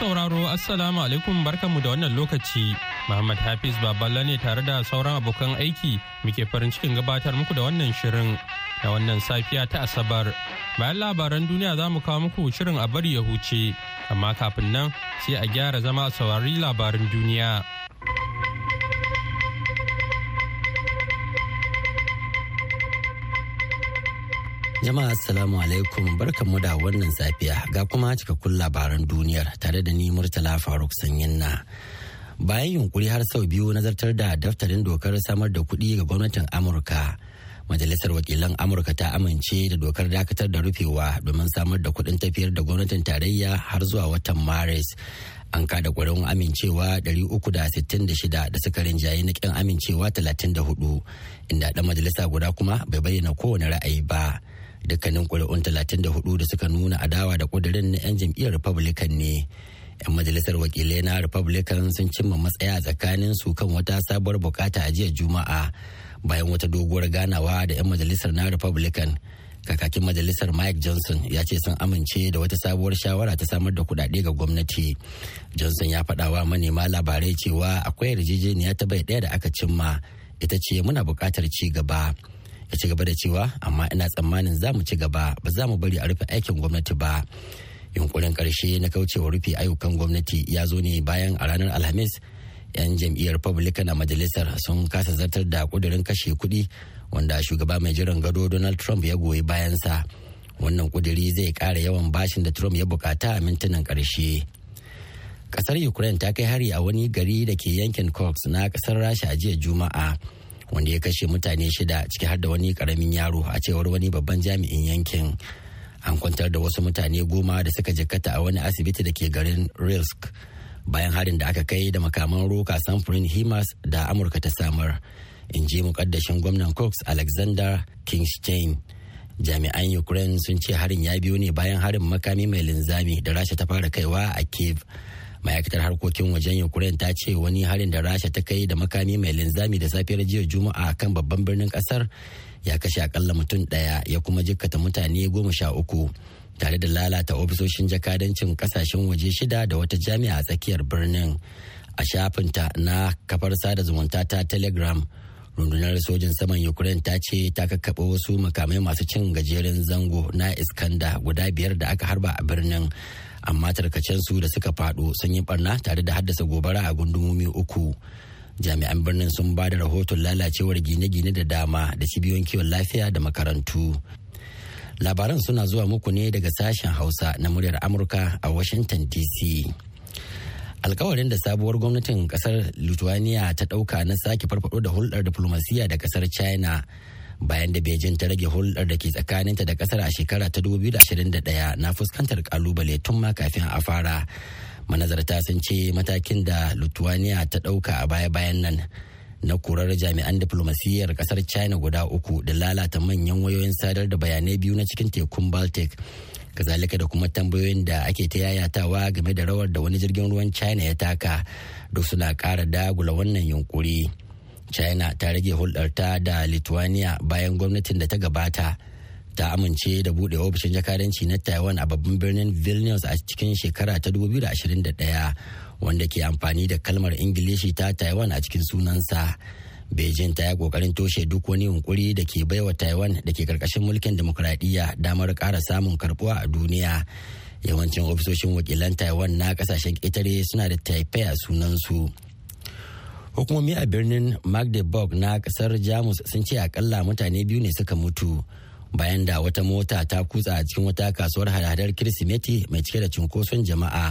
sauraro Assalamu alaikum barkanmu da wannan lokaci. Muhammad Hafiz Baballa ne tare da sauran abokan aiki muke farin cikin gabatar muku da wannan shirin da wannan safiya ta Asabar. Bayan labaran duniya za mu kawo muku shirin a bari ya huce, amma kafin nan sai a gyara zama a saurari labaran duniya. Jama'a Assalamu alaikum mu da wannan safiya ga kuma cikakkun labaran duniyar tare da ni Murtala Faruk Sanyinna. Bayan yunkuri har sau biyu nazartar da daftarin dokar samar da kuɗi ga gwamnatin Amurka. Majalisar wakilan Amurka ta amince da dokar dakatar da rufewa domin samar da kuɗin tafiyar da gwamnatin tarayya har zuwa watan Maris. An kada ƙwarin amincewa 366 da suka rinjaye na ƙin amincewa 34 inda ɗan majalisa guda kuma bai bayyana kowane ra'ayi ba. dukkanin kuri'un 34 da suka nuna adawa da ƙudurin na 'yan jam'iyyar republican ne 'yan majalisar wakilai na republican sun cimma matsaya tsakanin su kan wata sabuwar bukata a jiya juma'a bayan wata doguwar ganawa da 'yan majalisar na republican kakakin majalisar mike johnson ya ce sun amince da wata sabuwar shawara ta samar da kudade ga gwamnati johnson ya faɗa wa manema labarai cewa akwai yarjejeniya ta bai ɗaya da aka cimma ita ce muna buƙatar ci gaba ya ci gaba da cewa amma ina tsammanin za mu ci gaba ba za mu bari a rufe aikin gwamnati ba yunkurin karshe na kaucewa rufe ayyukan gwamnati ya zo ne bayan a ranar alhamis 'yan jam'iyyar republican a majalisar sun kasa zartar da kudirin kashe kuɗi wanda shugaba mai jiran gado donald trump ya goyi bayansa wannan kudiri zai ƙara yawan bashin da trump ya bukata a mintunan ƙarshe kasar ukraine ta kai hari a wani gari da ke yankin cox na kasar rasha a jiya juma'a wanda ya kashe mutane shida ciki har da wani karamin yaro a cewar wani babban jami'in yankin an kwantar da wasu mutane goma da suka jikkata a wani asibiti da ke garin risk bayan harin da aka kai da makaman roka samfurin himas da amurka ta samar in ji mukaddashin gwamnan cox alexander kingstein jami'an ukraine sun ce harin ya biyo ne bayan harin makami mai linzami da rasha ta fara kaiwa a cave ma'aikatar harkokin wajen ukraine ta ce wani harin da rasha ta kai da makami mai linzami da safiyar jiya juma'a kan babban birnin kasar ya kashe akalla mutum daya ya kuma jikkata mutane goma sha uku tare da lalata ofisoshin jakadancin kasashen waje shida da wata jami'a a tsakiyar birnin a shafinta na kafar sada zumunta ta telegram rundunar sojin saman ukraine ta ce ta kakkaɓa wasu makamai masu cin gajeren zango na iskanda guda biyar da aka harba a birnin amma tarkacen su da suka fado sun yi barna tare da haddasa gobara a gundumomi uku jami'an birnin sun ba da rahoton lalacewar gine-gine da dama da cibiyoyin kiwon lafiya da makarantu labaran suna zuwa muku ne daga sashen hausa na muryar amurka a washington dc alkawarin da sabuwar gwamnatin kasar lithuania ta dauka na sake farfado da hulɗar diflomasiyya da kasar china bayan da beijing ta rage hulɗar da ke tsakaninta da kasar a shekara ta 2021 na fuskantar kalubale tun ma kafin a fara manazarta sun ce matakin da lithuania ta ɗauka a baya-bayan nan na kurar jami'an diplomasiyyar kasar china guda uku da lalata manyan wayoyin sadar da bayanai biyu na cikin tekun baltic kazalika da kuma tambayoyin da ake ta yayatawa game da rawar da wani jirgin ruwan china ya taka duk suna ƙara dagula wannan yunkuri. china ta rage hulɗarta da lithuania bayan gwamnatin da ta gabata ta amince da buɗe ofishin jakadanci na taiwan a babban birnin vilnius a cikin shekara ta 2021 wanda ke amfani da kalmar ingilishi ta taiwan a cikin sunansa beijing ta yi kokarin toshe duk wani yunkuri da ke baiwa taiwan da ke karkashin mulkin demokuraɗiyya damar ƙara samun karbuwa a duniya yawancin ofisoshin wakilan taiwan na ƙasashen ƙetare suna da taipei a sunansu hukumomi a birnin magdeburg na kasar jamus sun ce akalla mutane biyu ne suka mutu bayan da wata mota ta kutsa a cikin wata kasuwar hadadar kirsimeti mai cike da cunkoson jama'a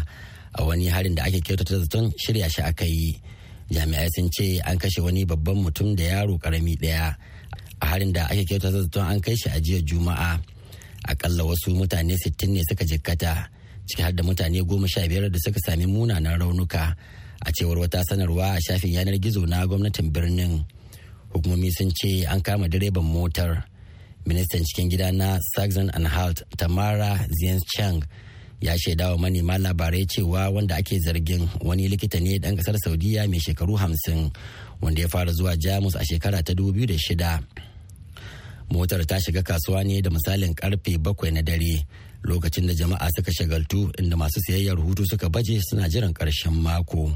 a wani harin da ake kyautata zaton shirya shi aka yi jami'ai sun ce an kashe wani babban mutum da yaro karami daya a harin da ake kyautata zaton an kai shi a jiya juma'a akalla wasu mutane 60 ne suka jikkata ciki har da mutane goma sha biyar da suka sami munanan raunuka a cewar wata sanarwa a shafin yanar gizo na gwamnatin birnin hukumomi sun ce an kama direban motar ministan cikin gida na saxon and halt tamara zienchang ya shaida wa manema labarai cewa wanda ake zargin wani likita ne dan kasar saudiya mai shekaru hamsin wanda ya fara zuwa jamus a shekara ta da shida motar ta shiga kasuwa ne da misalin karfe bakwai na dare lokacin da jama'a suka shagaltu inda masu sayayyar hutu suka baje suna jiran ƙarshen mako.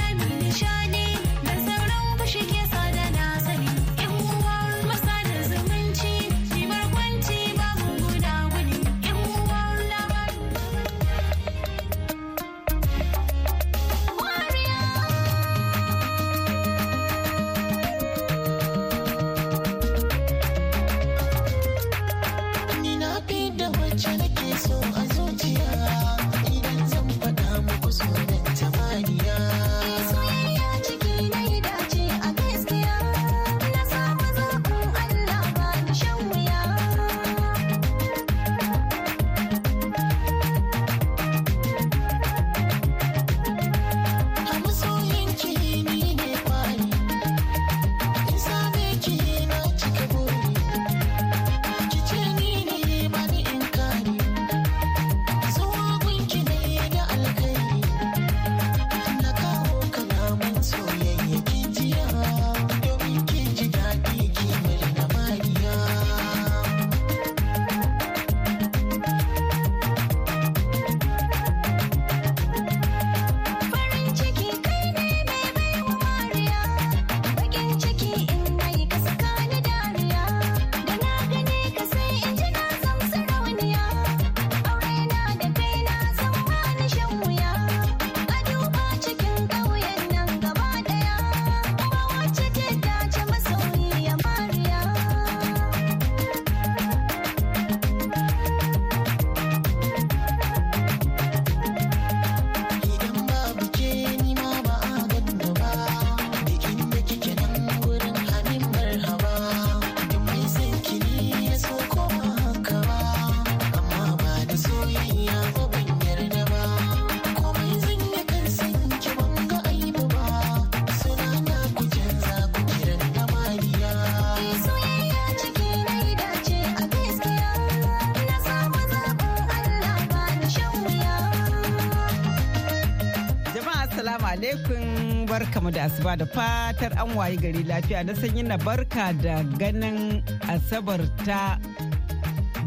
Assalamu alaikum barkamu da asuba da fatar an wayi gari lafiya na sanyi na barka da ganin asabar ta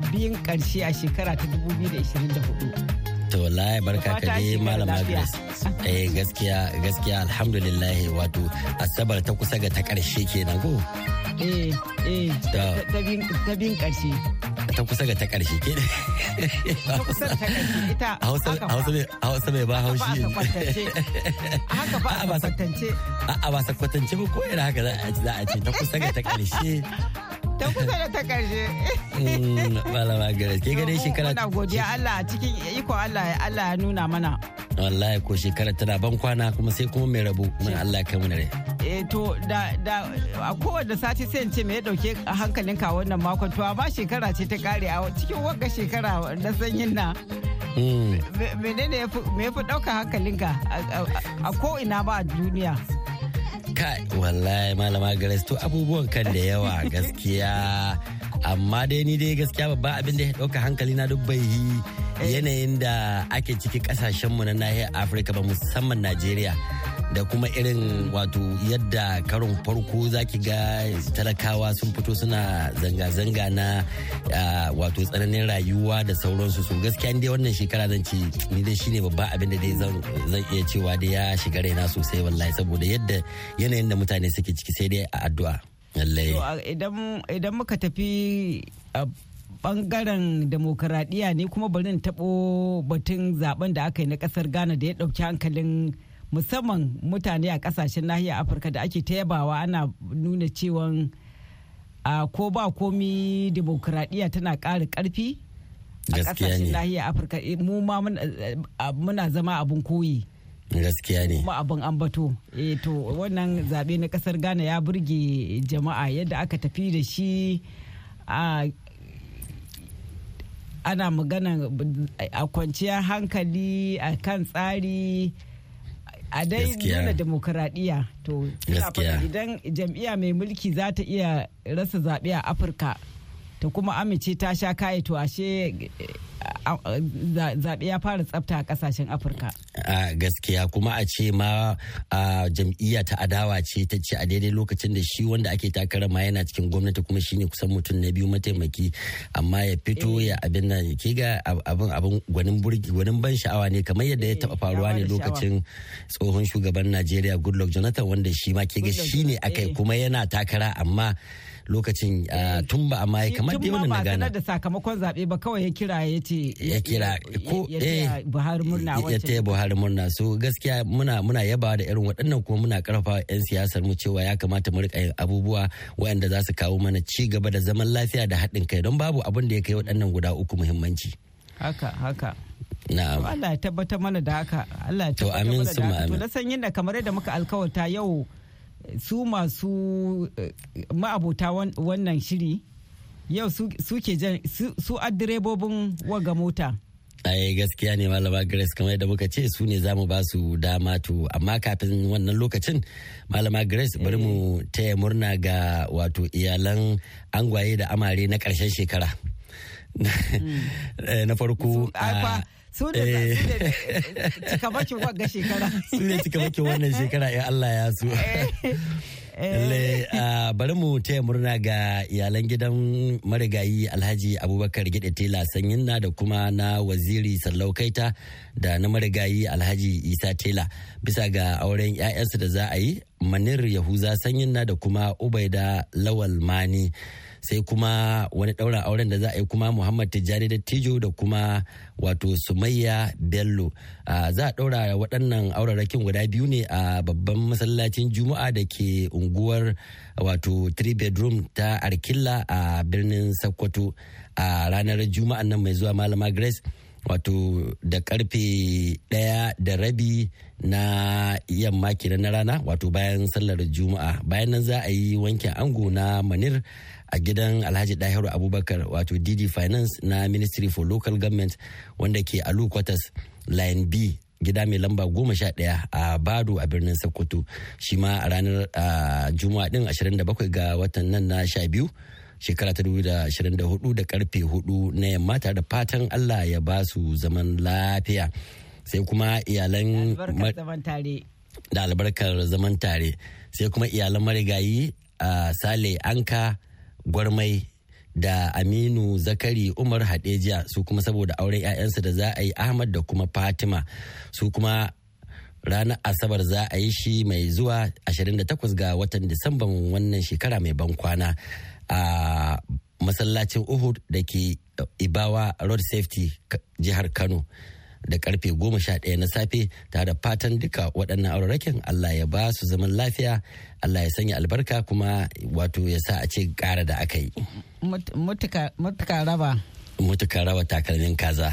biyun karshe a shekara ta 2024. To wallahi barka ka dai malama Grace. Eh gaskiya gaskiya alhamdulillah wato asabar ta kusa ga ta karshe kenan go. Eh eh ta biyun karshe. ta kusa ga ta ƙarshe ke ta kusa ta ƙarshe hausa mai ba haushi haka ba a kwatance a ba a kwatance ba ko yana haka za a ce ta kusa ga ta ƙarshe ta kusa da ta karshe mm, malama gares ke gane shekara muna godiya Allah cikin iko Allah ya Allah ya nuna mana wallahi ko shekara tana ban kwana kuma sai kuma mai rabu mun Allah ya kai mu rai eh to da da a kowanne sati sai in ce me ya dauke hankalinka wannan makon to amma shekara ce ta kare a cikin wagga shekara na sanyin na mm. menene ya fi dauka hankalinka a ko ina ba a duniya kai wallahi malama gares to abubuwan kan da yawa gaskiya amma dai ni dai gaskiya babba abin da ya dauka hankali na duk bai eh. yanayin da ake ciki kasashenmu na nahiyar afirka ba musamman najeriya da kuma irin wato yadda karon farko zaki ga talakawa sun fito suna zanga-zanga na wato tsananin rayuwa da sauransu su gaskiya dai wannan shekara zan ce ni dai shine babban abin da dai zan iya cewa da ya shiga raina sosai wallahi saboda yadda yanayin da mutane suke ciki sai dai a addu'a idan muka tafi bangaren demokuraɗiyya ne kuma bari taɓo batun zaben da aka yi na ƙasar ghana da ya ɗauki hankalin musamman mutane a kasashen nahiyar afirka da ake ta yabawa ana nuna cewa ko ba komi demokuraɗiyya tana ƙara ƙarfi a kasashen nahiyar afirka eh, mu ma muna zama abin koyi gaskiya ne kuma abin ambato e to wannan zaɓe na ƙasar ghana ya burge jama'a yadda aka tafi da shi a ana magana a kwanciyar hankali a kan tsari a dai nuna demokuraɗiya to idan jam'iyya mai mulki za ta iya rasa zaɓe a afirka ta kuma amince ta sha kayi to ashe zaɓe ya fara tsafta a ƙasashen afirka a gaskiya kuma a ce ma a jam'iyya ta adawa ce ta ce a daidai lokacin da shi wanda ake takara ma yana cikin gwamnati kuma shi ne kusan mutum na biyu mataimaki amma ya fito eh. ya abin nan ke ga abin abin gwanin burgi gwanin ban sha'awa ne kamar yadda ya taɓa eh, faruwa ne lokacin tsohon shugaban najeriya goodluck jonathan wanda shi ma ke ga shi ne akai kuma eh. yana takara amma lokacin tun ba amma ya kamar da yawan na gana da sakamakon zaɓe ba kawai ya kira ya ce ce eh, ya kira ko eh Buhari murna ya taya Buhari murna so gaskiya muna muna yabawa da irin waɗannan kuma muna karfa yan siyasar mu cewa ya kamata mu rika yin abubuwa waɗanda za su kawo mana ci gaba da zaman lafiya da haɗin kai don babu abin da ya kai waɗannan guda uku muhimmanci haka haka na'am Allah ya tabbatar mana da haka Allah ya tabbatar mana da haka to na san yadda kamar yadda muka alkawarta yau su masu eh, ma'abota wannan shiri yau su ke su adirebobin waga mota ai gaskiya ne malama grace kamar yadda muka ce su ne za mu ba su dama to amma kafin wannan lokacin malama grace bari mu eh. taya murna ga wato iyalan angwaye da amare na karshen shekara hmm. eh, na farko ah, a su ne eh. cikamakin wannan shekara su cikamakin wannan shekara ya allah ya su Lalle eh. ah, bari mu taya murna ga iyalan gidan marigayi Alhaji Abubakar Gide Tela sanyin na da kuma na waziri Sallau Kaita da na marigayi Alhaji Isa Tela bisa ga auren 'ya'yansu da za a yi Manir Yahuza na da kuma Ubaida Lawal Mani. sai kuma wani ɗaura auren da za a yi kuma muhammad tijjani tijo da kuma wato sumayya bello za a ɗaura waɗannan aurarakin guda biyu ne a babban masallacin juma'a da ke unguwar wato 3 bedroom ta arkilla a birnin sokoto a ranar juma'a nan mai zuwa malama grace wato da karfe ɗaya da rabi na yamma kenan na rana wato bayan sallar juma'a bayan nan za a yi wankin ango na manir a gidan alhaji dahiru abubakar wato dd finance na ministry for local government wanda ke a quarters line b gida mai lamba goma sha ɗaya a bado a birnin sokoto shi ma a ranar juma'a din 27 ga watan nan na sha biyu shekara ta 2024 da karfe 4 na yamma tare da fatan allah ya ba su zaman lafiya sai kuma iyalan da albarkar zaman tare sai kuma iyalan marigayi a sale anka gwarmai da aminu zakari umar hadejiya su kuma saboda auren 'ya'yansu da za a yi ahmad da kuma fatima su kuma ranar asabar za a yi shi mai zuwa 28 ga watan disamban wannan shekara mai ban kwana a masallacin uhud da ke ibawa road safety jihar kano da karfe goma sha ɗaya na safe tare da fatan duka waɗannan auraraken Allah ya ba su zaman lafiya Allah ya sanya albarka kuma wato ya sa a ce ƙara da aka yi. Mutuka raba. Mutuka raba takalmin kaza.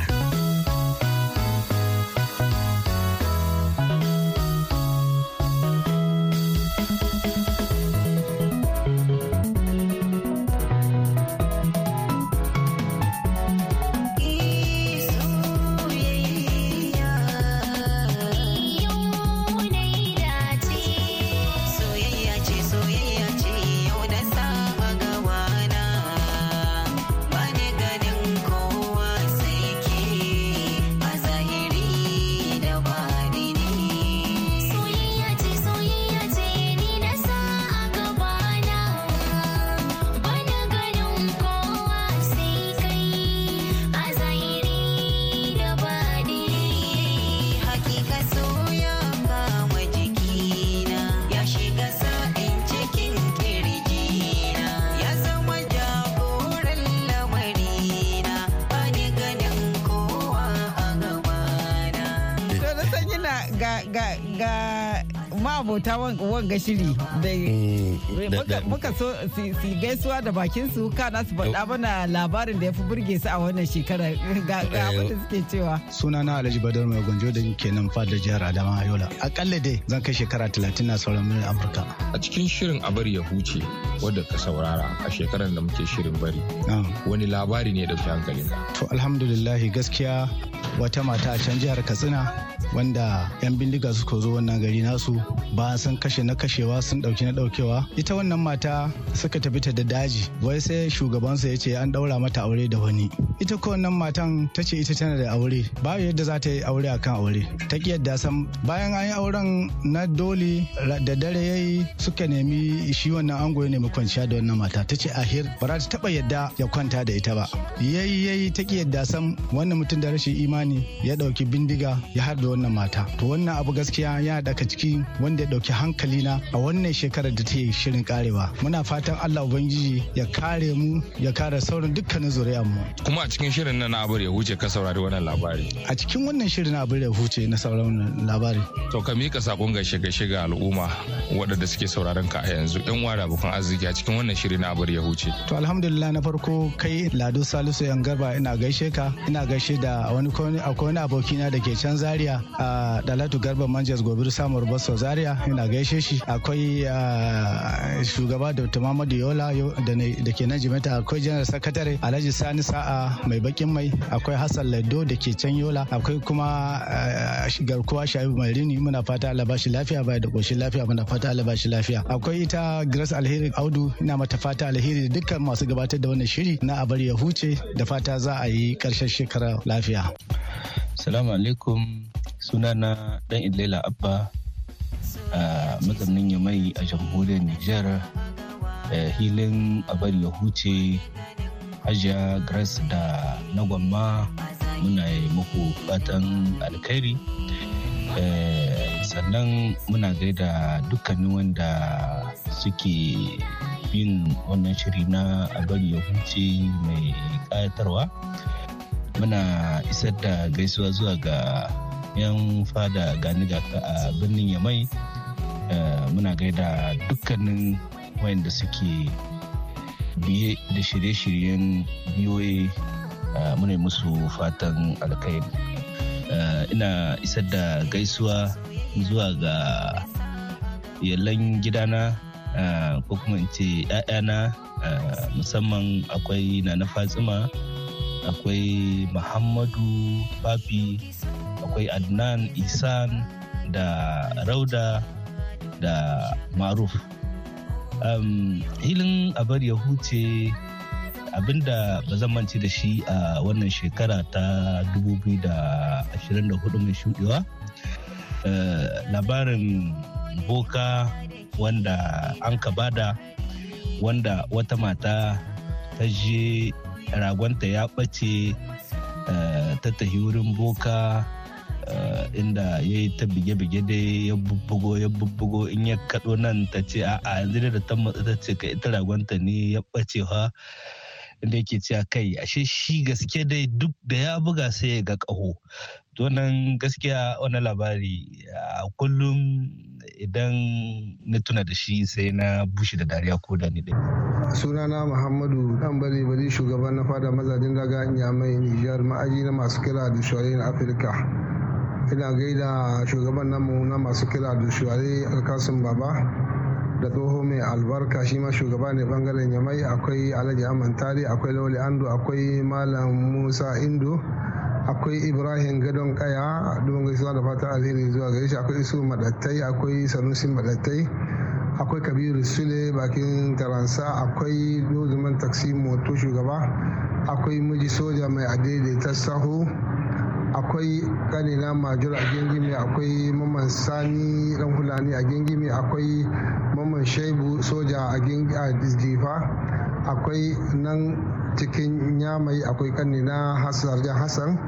abota wanga shiri mm, da muka so su gaisuwa da bakin su kana su faɗa mana labarin da ya fi burge su a wannan shekara ga eh, abin da suke cewa Suna na alhaji badar mai gwanjo da ke nan fadar jihar adama yola akalla dai zan kai shekara talatin na sauran mil amurka a cikin shirin a bari ya huce wadda ka saurara a shekarar da muke shirin bari wani labari ne da dauki hankalinka to alhamdulillahi gaskiya wata mata a can jihar katsina wanda 'yan bindiga suka zo wannan gari nasu ba san kashe na kashewa sun dauki na daukewa ita wannan mata suka tafi ta da daji wai sai shugabansa ya ce an daura mata aure da wani ita ko wannan matan ta ce ita tana da aure ba yadda za ta yi aure akan aure ta kiyarda san bayan an yi auren na doli da dare yayi suka nemi shi wannan ango ya nemi kwanciya da wannan mata ta ce ahir ba za ta taba yadda ya kwanta da ita ba yayi yayi ta kiyarda san wannan mutum da rashin imani ya dauki bindiga ya har wannan mata to wannan abu gaskiya ya daka cikin wanda da ya ɗauki hankalina a wannan shekarar da ta yi shirin karewa muna fatan allah ubangiji ya kare mu ya kare sauran dukkanin zuriyar mu kuma a cikin shirin nan na abar ya huce ka saurari wannan labari a cikin wannan shirin na abar ya huce na wannan labari to ka mika sakon ga shiga shiga al'umma waɗanda suke sauraron ka a yanzu yan wara bukan arziki a cikin wannan shirin na abar ya huce to alhamdulillah na farko kai lado salisu yan garba ina gaishe ka ina gaishe da wani akwai wani abokina da ke can zaria a dalatu garba manjas gobir samuwar basso zaria Najeriya yana gaishe shi akwai ah, shugaba Dr. Mamadu Yola da ke nan Jimeta akwai General Secretary Alhaji Sani Sa'a mai bakin mai akwai Hassan Lado da ke can Yola akwai kuma ah, garkuwa Shaibu Marini muna fata Allah bashi lafiya bai da koshin lafiya muna fata Allah bashi lafiya akwai ita Grace Alheri Audu ina mata fata alheri dukkan masu gabatar da wannan shiri na abar ya huce da fata za a yi karshen shekara lafiya. Salamu alaikum sunana dan Ilela Abba a mazaunin yamai a jamhuriyar Nijar hilin abar ya huce hajiya Gras da Nagwamma muna yi muku fatan alkhairi sannan muna gaida dukkanin wanda suke bin wannan shiri na abar ya huce mai ƙayatarwa muna isar da gaisuwa zuwa ga 'yan fada gani a birnin yamai eh, muna gaida dukkanin wayanda suke biye da shirye-shiryen biyoyi eh, muna musu fatan alkairi eh, ina isar da gaisuwa zuwa ga yallan gidana ko kuma in ce 'ya'yana musamman akwai nana fatsima akwai muhammadu Fafi. akwai adnan isan da rauda da maruf um, hilin abar ya huce abinda ba zan mance da shi a uh, wannan shekara ta 2024 mai shudewa uh, eh, labarin boka wanda an ka bada wanda wata mata ta je ragonta ya ɓace uh, ta tahi wurin boka Eh, inda ya yi ta bige-bige dai ya bubbugo ya bubbugo in ya kaɗo nan ta ce a yanzu da ta matsa ta ce ka ita ragonta ne ya ɓace ha inda yake cewa kai ashe shi gaske dai duk da ya buga sai ga ƙaho nan gaskiya wani labari a kullum idan na tuna da shi sai na bushe da dariya ko da ni dai. sunana muhammadu dan bari bari shugaban na fada mazajin daga mai nijar ma'aji na masu kira da shoyin afirka ina gaida shugaban namu na masu kira da shuwari alkasun baba da tsoho mai albarka shi ma shugaba ne bangaren yamai akwai alhaji amantari akwai lauli ando akwai malam musa indo akwai ibrahim gadon kaya dubin gaisuwa da fata alheri zuwa gare shi akwai isu madattai akwai sanusi madattai akwai kabiru sule bakin taransa akwai dozuman taksi moto shugaba akwai miji soja mai adaidaita sahu akwai kanina major a gengime akwai maman sani dan hulani a gengime akwai maman shaibu soja a difa akwai nan cikin nyamai akwai kanina hasarjan hassan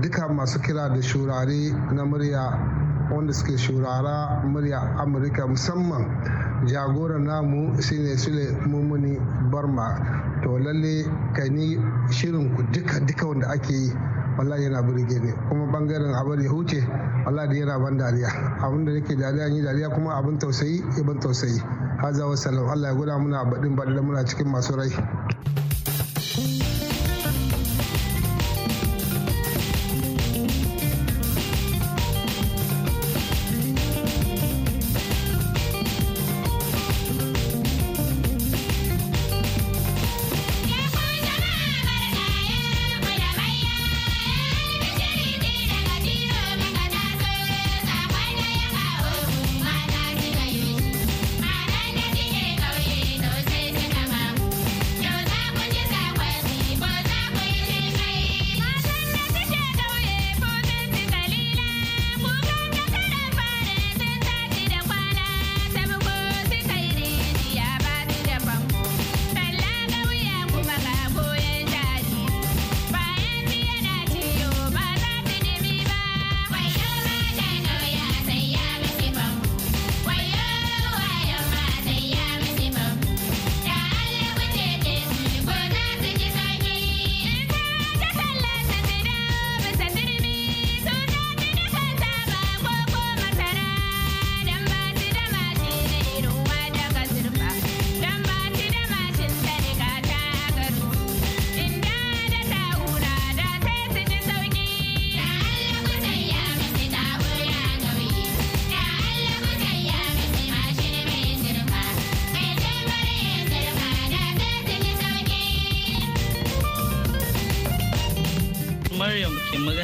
duka masu kira da shurare na murya wanda suke shurara murya amurka musamman jagoran namu shine sule mummuni barma to lalle kani shirin ku duka duka wanda ake yi wallahi yana burge ne kuma bangaren abin ya huce wallahi yana ban dariya abin da nake dariya ni dariya kuma abin tausayi ya ban tausayi haza sallam Allah ya guda muna abadin da muna cikin masu rai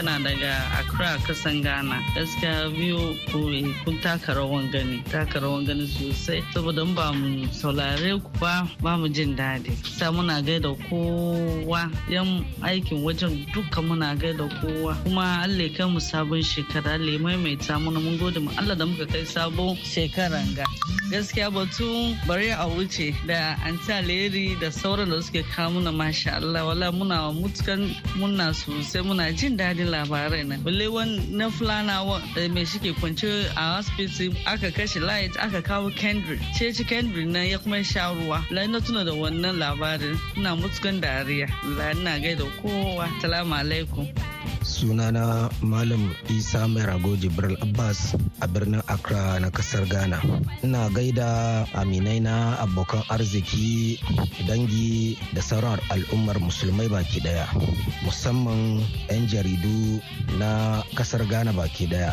magana daga kura a kasan ghana gaskiya biyu kun taka rawan gani taka rawan gani sosai saboda ba mu saulare ku ba ba mu jin daɗi sa muna gaida kowa yan aikin wajen duka muna gaida kowa kuma allah kai mu sabon shekara allah maimaita muna mun gode mu allah da muka kai sabon shekaran ga gaskiya batu bari a wuce da antaleri da sauran da suke kawo muna masha allah wala muna mutukan muna sosai muna jin daɗin labarai na na fulana eh, mai shi ke kwance a asibiti aka kashe light aka kawo kendrick ce ci kendrick nan ya kuma sha ruwa lai na tuna da wannan labarin ina mutukan dariya lai na gaida kowa salamu alaikum sunana malam isa mai rago jibril abbas a birnin accra na kasar ghana ina gaida aminai na abokan arziki dangi da sauran al'ummar musulmai baki daya musamman 'yan jaridu na kasar ghana baki daya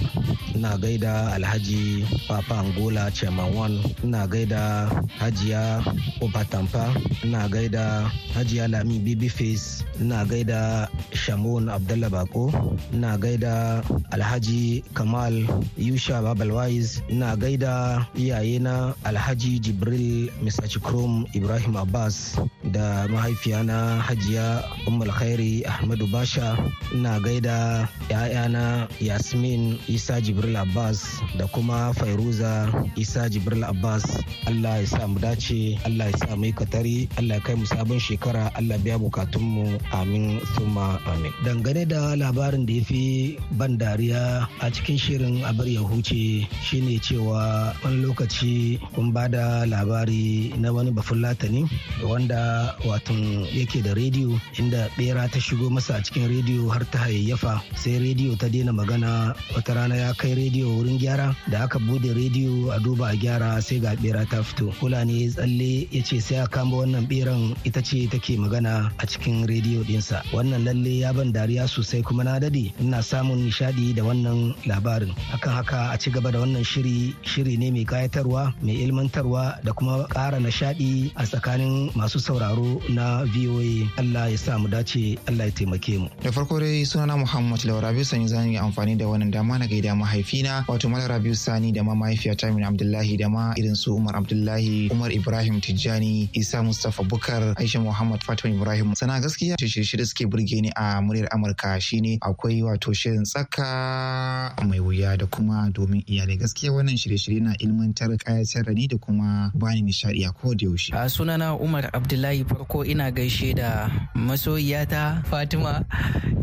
ina gaida alhaji papa angola chairman one ina gaida hajiya obatampa ina gaida hajiya lami face ina gaida shamun abdullah bako ina gaida alhaji kamal yusha babalwais ina gaida iyayena alhaji jibril misachikrom ibrahim abbas da mahaifiyana hajiya ummul khairi ahmadu basha ina gaida ‘ya'yana yasmin isa jibril abbas da kuma fairuza isa jibril abbas allah ya sa dace allah ya sa mu katari allah ya kai mu sabon shekara allah biya bukatunmu amin suma amin dangane da labarin labarin da ya fi ban dariya a cikin shirin abar ya huce shine cewa wani lokaci kun ba da labari na wani bafulatani wanda watan yake da rediyo inda bera ta shigo masa a cikin rediyo har ta hayayyafa sai rediyo ta daina magana wata rana ya kai rediyo wurin gyara da aka bude rediyo a duba a gyara sai ga bera ta fito fulani tsalle ya ce sai a kama wannan beran ita ce take magana a cikin rediyo dinsa wannan lalle ya ban dariya sosai kuma na na dade ina samun nishadi da wannan labarin akan haka a ci gaba da wannan shiri shiri ne mai kayatarwa mai ilmantarwa da kuma kara nishadi a tsakanin masu sauraro na voa allah ya sa mu dace allah ya taimake mu da farko dai sunana muhammad laura biyu sani zan yi amfani da wannan dama na gaida mahaifina wato Malam rabiu sani da ma mahaifiyata min abdullahi da ma irin su umar abdullahi umar ibrahim tijjani isa mustapha bukar aisha muhammad fatima ibrahim sana gaskiya shirye-shirye suke burge ni a muryar amurka shine akwai wato shirin tsaka mai wuya da kuma domin iyalai gaskiya wannan shirye-shirye na ilmantar kayatar da da kuma bani nishaɗi a da yaushe. A sunana Umar Abdullahi farko ina gaishe da masoyiyata Fatima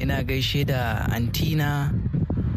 ina gaishe da Antina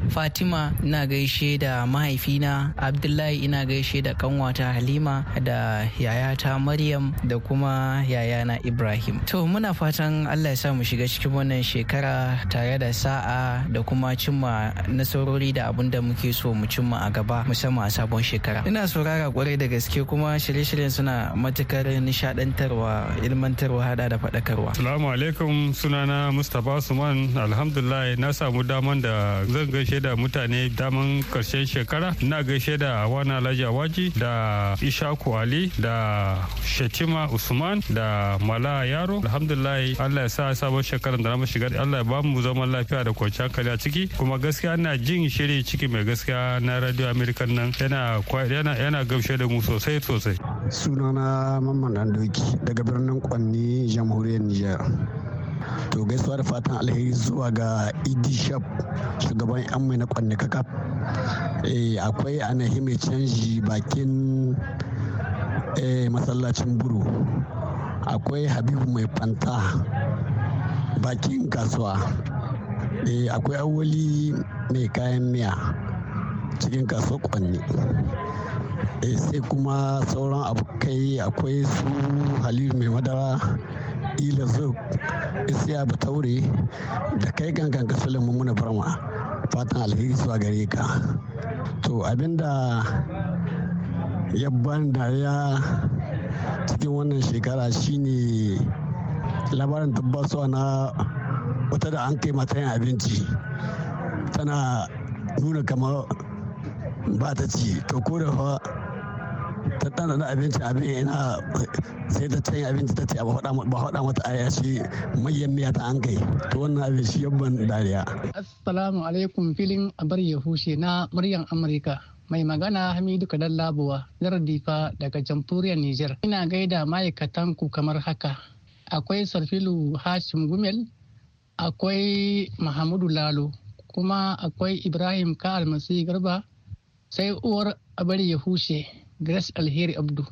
fatima ina gaishe da mahaifina abdullahi ina gaishe da kanwata halima da yayata maryam da kuma yayana ibrahim to muna fatan allah ya sa mu shiga cikin wannan shekara tare da sa'a da kuma cimma nasarori da abin da muke so mu cimma a gaba musamman a sabon shekara ina saurara kwarai da gaske kuma shirye-shiryen suna matukar nishadantarwa ilmantarwa hada da faɗakarwa salamu alaikum sunana mustapha suman alhamdulillah na samu daman da zan gaishe gaishe da mutane daman karshen shekara ina gaishe da wani alhaji awaji da ishaku ali da shetima usman da mala yaro alhamdulillah allah ya sa sabon shekarar da na shiga allah ya ba mu zaman lafiya da kwanciyar kali a ciki kuma gaskiya ina jin shiri ciki mai gaskiya na radio america nan yana yana yana da mu sosai sosai sunana mamman doki daga birnin kwanni jamhuriyar niger to gaisuwa da fatan alheri zuwa ga idi shop shugaban yan mai na kwanne kakaf eh, akwai anahi mai canji bakin eh, masallacin buru akwai habibu mai fanta bakin kasuwa eh, akwai awali mai kayan miya cikin kasuwar kwanne sai kuma sauran abokai akwai su halilu mai madara ila zub isiya taure da kai gangan gasulin mummuna barma fatan alheri zuwa gare ka to abinda ya ban dariya cikin wannan shekara shine labarin tabbasuwa na wata da an kai mata yin abinci tana nuna kamar ba ta ci to ko da ta tana da abinci abin ina sai ta canya abinci ta ce ba faɗa mata aya shi mayan miya ta an kai to wannan abin shi yabban dariya assalamu alaikum filin abar yahushe na muryan amurka mai magana hamidu kadan labuwa lardifa daga jamhuriyar niger ina gaida ma'aikatan ku kamar haka akwai sarfilu hashim gumel akwai mahamudu lalo kuma akwai ibrahim ka almasi garba sai uwar abar ya hushe grace alheri abdu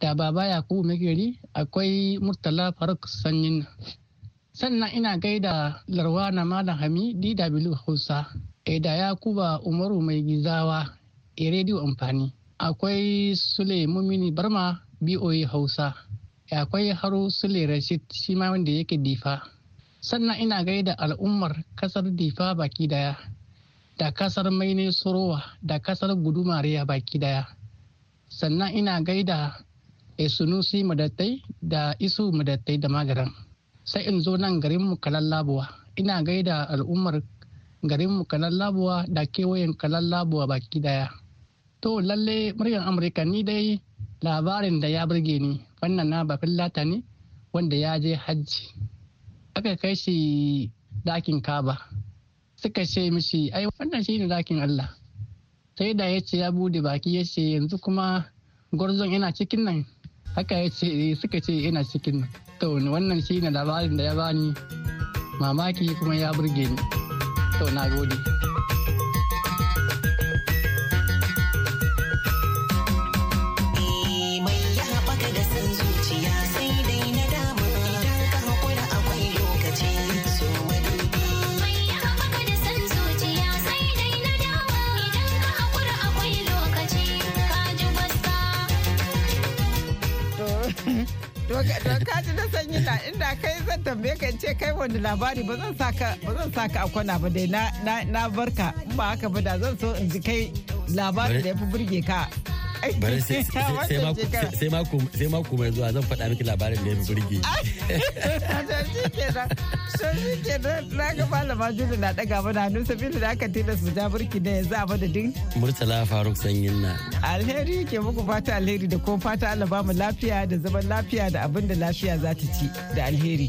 da baba yakubu makeri akwai murtala faruk sanyin sannan ina gaida na malam hami dw hausa e da kuba umaru mai gizawa e rediyo amfani akwai sule mumini barma boa hausa eh, akwai haro sule rashid shi ma wanda yake difa sannan ina gaida al'ummar kasar difa baki daya da kasar maine surowa da kasar gudumariya baki daya sannan ina gaida esunusi madattai da isu madattai da magaran sai in zo nan garin mu labuwa ina gaida al'ummar garin mu labuwa da kewayen kalan labuwa baki daya to lalle muryan amurka ni dai labarin da ya burge ni wannan na bafin lata ne wanda ya je hajji aka kai shi dakin kaba suka ce mishi ai wannan shi ne dakin allah da ya ce ya bude baki ya ce yanzu kuma gwarzon yana cikin nan haka ya ce eh, suka ce yana cikin nan to wannan shi ne labarin da ya bani mamaki kuma ya burge ni to na gode kaji na sanyi na inda kai zan tambaye ka ce kai wani labari ba zan saka ba zan saka a kwana ba dai na na barka ba haka ba da zan so in ji kai labarin da ya fi burge ka bari sai mako mai zuwa zan faɗa miki labarin da ya fi burge so shi ke na ga malama juli na ɗaga mana hannu sabili da aka tilas mu ja burki da yanzu a madadin murtala faruk sanyin na alheri ke muku fata alheri da kuma fata allah ba mu lafiya da zaman lafiya da abin da lafiya za ta ci da alheri